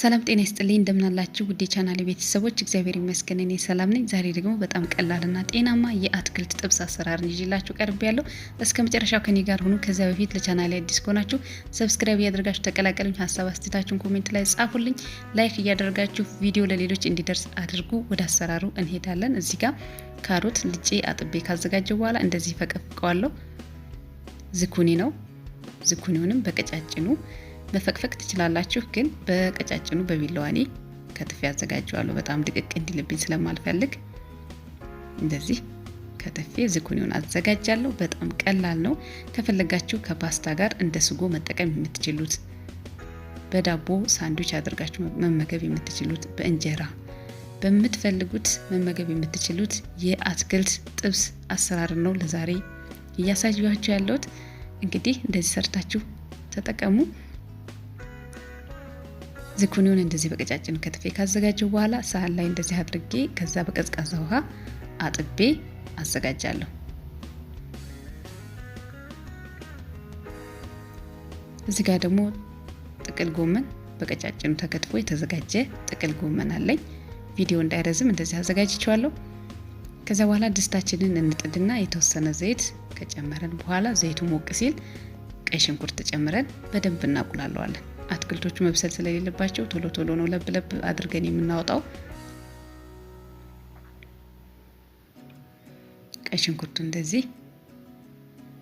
ሰላም ጤና ይስጥልኝ እንደምናላችሁ ውዴ ቻናል ቤተሰቦች፣ እግዚአብሔር ይመስገን እኔ ሰላም ነኝ። ዛሬ ደግሞ በጣም ቀላልና ጤናማ የአትክልት ጥብስ አሰራር ይዤላችሁ ቀርብ ያለው እስከ መጨረሻው ከኔ ጋር ሁኑ። ከዚያ በፊት ለቻናል አዲስ ከሆናችሁ ሰብስክራይብ እያደረጋችሁ ተቀላቀሉኝ። ሀሳብ አስተያየታችሁን ኮሜንት ላይ ጻፉልኝ። ላይክ እያደረጋችሁ ቪዲዮ ለሌሎች እንዲደርስ አድርጉ። ወደ አሰራሩ እንሄዳለን። እዚህ ጋር ካሮት ልጬ አጥቤ ካዘጋጀው በኋላ እንደዚህ ፈቀፍቀዋለሁ። ዝኩኒ ነው። ዝኩኒውንም በቀጫጭኑ መፈቅፈቅ ትችላላችሁ። ግን በቀጫጭኑ በቢላዋኔ ከትፌ አዘጋጀዋለሁ። በጣም ድቅቅ እንዲልብኝ ስለማልፈልግ እንደዚህ ከትፌ ዝኩኒውን አዘጋጃለሁ። በጣም ቀላል ነው። ከፈለጋችሁ ከፓስታ ጋር እንደ ስጎ መጠቀም የምትችሉት፣ በዳቦ ሳንዱች አድርጋችሁ መመገብ የምትችሉት፣ በእንጀራ በምትፈልጉት መመገብ የምትችሉት የአትክልት ጥብስ አሰራር ነው ለዛሬ እያሳያችሁ ያለሁት። እንግዲህ እንደዚህ ሰርታችሁ ተጠቀሙ። ዝኩኒውን እንደዚህ በቀጫጭን ከትፌ ካዘጋጀው በኋላ ሳህን ላይ እንደዚህ አድርጌ ከዛ በቀዝቃዛ ውሃ አጥቤ አዘጋጃለሁ። እዚህ ጋር ደግሞ ጥቅል ጎመን በቀጫጭኑ ተከትፎ የተዘጋጀ ጥቅል ጎመን አለኝ። ቪዲዮ እንዳይረዝም እንደዚህ አዘጋጅቸዋለሁ። ከዚያ በኋላ ድስታችንን እንጥድና የተወሰነ ዘይት ከጨመረን በኋላ ዘይቱ ሞቅ ሲል ቀይ ሽንኩርት ጨምረን በደንብ እናቁላለዋለን። አትክልቶቹ መብሰል ስለሌለባቸው ቶሎ ቶሎ ነው ለብ ለብ አድርገን የምናወጣው። ቀይ ሽንኩርቱ እንደዚህ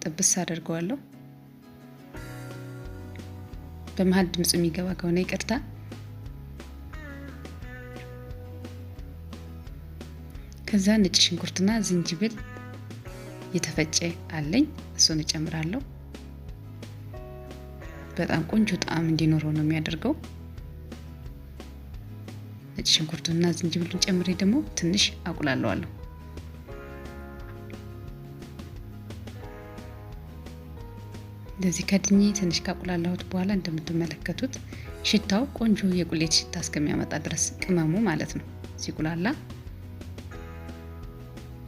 ጥብስ አደርገዋለሁ። በመሀል ድምፅ የሚገባ ከሆነ ይቅርታ። ከዛ ነጭ ሽንኩርትና ዝንጅብል የተፈጨ አለኝ፣ እሱን እጨምራለሁ። በጣም ቆንጆ ጣዕም እንዲኖረው ነው የሚያደርገው። ነጭ ሽንኩርቱን እና ዝንጅብሉን ጨምሬ ደግሞ ትንሽ አቁላለዋለሁ። እንደዚህ ከድኜ ትንሽ ካቁላላሁት በኋላ እንደምትመለከቱት ሽታው ቆንጆ የቁሌት ሽታ እስከሚያመጣ ድረስ ቅመሙ ማለት ነው ሲቁላላ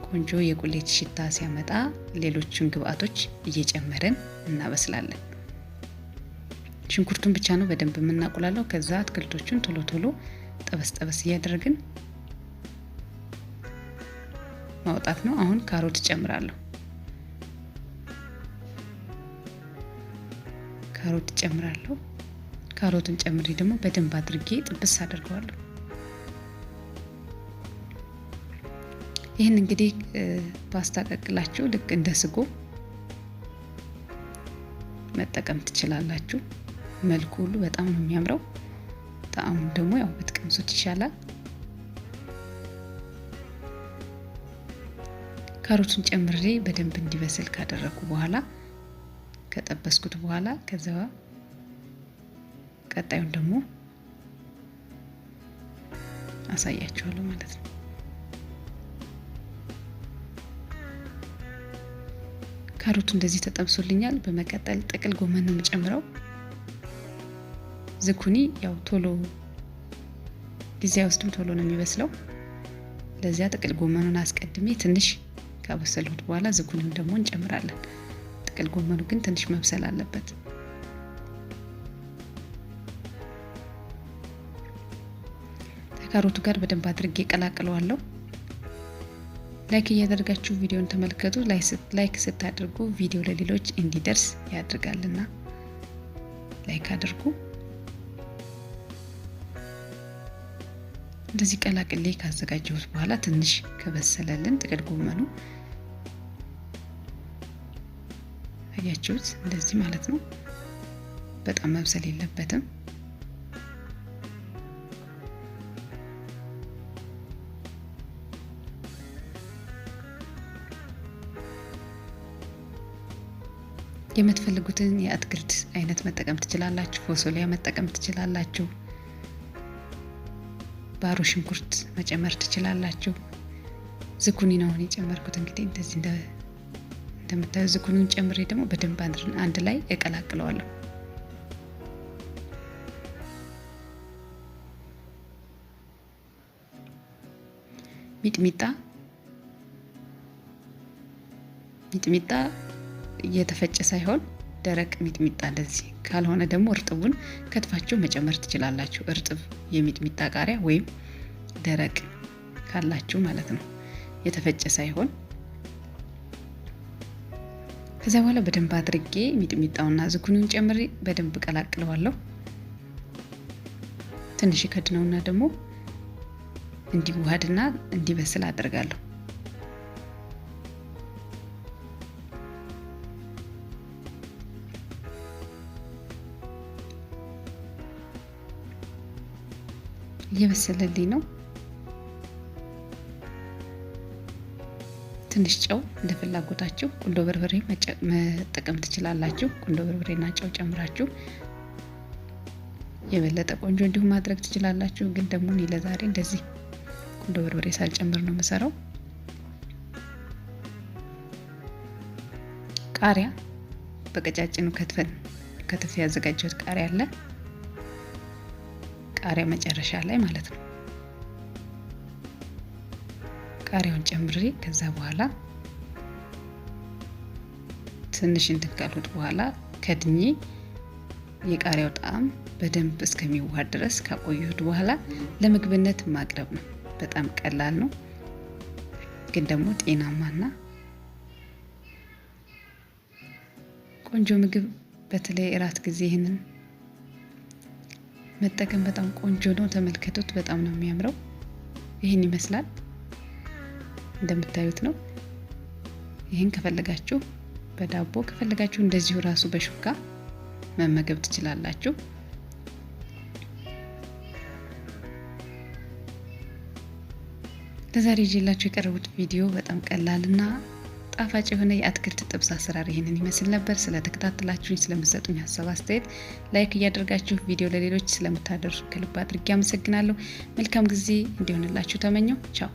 ቆንጆ የቁሌት ሽታ ሲያመጣ ሌሎችን ግብአቶች እየጨመርን እናበስላለን። ሽንኩርቱን ብቻ ነው በደንብ የምናቁላለው። ከዛ አትክልቶቹን ቶሎ ቶሎ ጠበስ ጠበስ እያደረግን ማውጣት ነው። አሁን ካሮት ጨምራለሁ። ካሮት ጨምራለሁ። ካሮቱን ጨምሬ ደግሞ በደንብ አድርጌ ጥብስ አድርገዋለሁ። ይህን እንግዲህ ፓስታ ቀቅላችሁ ልክ እንደ ስጎ መጠቀም ትችላላችሁ። መልኩ ሁሉ በጣም ነው የሚያምረው። ጣዕሙ ደግሞ ያው ብትቀምሱት ይሻላል። ካሮቱን ጨምሬ በደንብ እንዲበስል ካደረኩ በኋላ ከጠበስኩት በኋላ ከዛ ቀጣዩን ደግሞ አሳያችኋለሁ ማለት ነው። ካሮቱ እንደዚህ ተጠብሶልኛል። በመቀጠል ጥቅል ጎመን ነው የምጨምረው። ዝኩኒ ያው ቶሎ ጊዜ ውስጥም ቶሎ ነው የሚበስለው። ለዚያ ጥቅል ጎመኑን አስቀድሜ ትንሽ ካበሰልሁት በኋላ ዝኩኒን ደግሞ እንጨምራለን። ጥቅል ጎመኑ ግን ትንሽ መብሰል አለበት። ከካሮቱ ጋር በደንብ አድርጌ ቀላቅለዋለሁ። ላይክ እያደረጋችሁ ቪዲዮን ተመልከቱ። ላይክ ስታደርጉ ቪዲዮ ለሌሎች እንዲደርስ ያድርጋልና ላይክ አድርጉ። እንደዚህ ቀላቅሌ ካዘጋጀሁት በኋላ ትንሽ ከበሰለልን ጥቅል ጎመኑ አያችሁት፣ እንደዚህ ማለት ነው። በጣም መብሰል የለበትም። የምትፈልጉትን የአትክልት አይነት መጠቀም ትችላላችሁ። ፎሶሊያ መጠቀም ትችላላችሁ። ባሮ ሽንኩርት መጨመር ትችላላችሁ። ዝኩኒ ነው አሁን የጨመርኩት። እንግዲህ እንደዚህ እንደምታዩ ዝኩኒን ጨምሬ ደግሞ በደንብ አንድ ላይ እቀላቅለዋለሁ። ሚጥሚጣ ሚጥሚጣ እየተፈጨ ሳይሆን ደረቅ ሚጥሚጣ እንደዚህ ካልሆነ ደግሞ እርጥቡን ከትፋችሁ መጨመር ትችላላችሁ። እርጥብ የሚጥሚጣ ቃሪያ ወይም ደረቅ ካላችሁ ማለት ነው፣ የተፈጨ ሳይሆን። ከዚያ በኋላ በደንብ አድርጌ ሚጥሚጣውና ዝኩኑን ጨምሬ በደንብ ቀላቅለዋለሁ። ትንሽ ከድነውና ደግሞ እንዲዋሃድና እንዲበስል አደርጋለሁ። እየበሰለልኝ ነው። ትንሽ ጨው እንደ ፍላጎታችሁ ቁንዶ በርበሬ መጠቀም ትችላላችሁ። ቁንዶ በርበሬና ጨው ጨምራችሁ የበለጠ ቆንጆ እንዲሁም ማድረግ ትችላላችሁ። ግን ደግሞ እኔ ለዛሬ እንደዚህ ቁንዶ በርበሬ ሳልጨምር ነው የምሰራው። ቃሪያ በቀጫጭኑ ከትፈን ከትፍ ያዘጋጀሁት ቃሪያ አለ። ቃሪያ መጨረሻ ላይ ማለት ነው። ቃሪያውን ጨምሬ ከዛ በኋላ ትንሽ እንድንቀሉት በኋላ ከድኜ የቃሪያው ጣዕም በደንብ እስከሚዋሃድ ድረስ ካቆየሁት በኋላ ለምግብነት ማቅረብ ነው። በጣም ቀላል ነው፣ ግን ደግሞ ጤናማና ቆንጆ ምግብ። በተለይ እራት ጊዜ ይህንን መጠቀም በጣም ቆንጆ ነው። ተመልከቱት፣ በጣም ነው የሚያምረው። ይህን ይመስላል እንደምታዩት ነው። ይህን ከፈለጋችሁ በዳቦ ከፈለጋችሁ እንደዚሁ ራሱ በሹካ መመገብ ትችላላችሁ። ለዛሬ ጅላችሁ የቀረቡት ቪዲዮ በጣም ቀላልና ጣፋጭ የሆነ የአትክልት ጥብስ አሰራር ይህንን ይመስል ነበር። ስለተከታተላችሁኝ፣ ስለምትሰጡኝ ሀሳብ አስተያየት ላይክ እያደርጋችሁ ቪዲዮ ለሌሎች ስለምታደርሱ ከልብ አድርጌ አመሰግናለሁ። መልካም ጊዜ እንዲሆንላችሁ ተመኘው። ቻው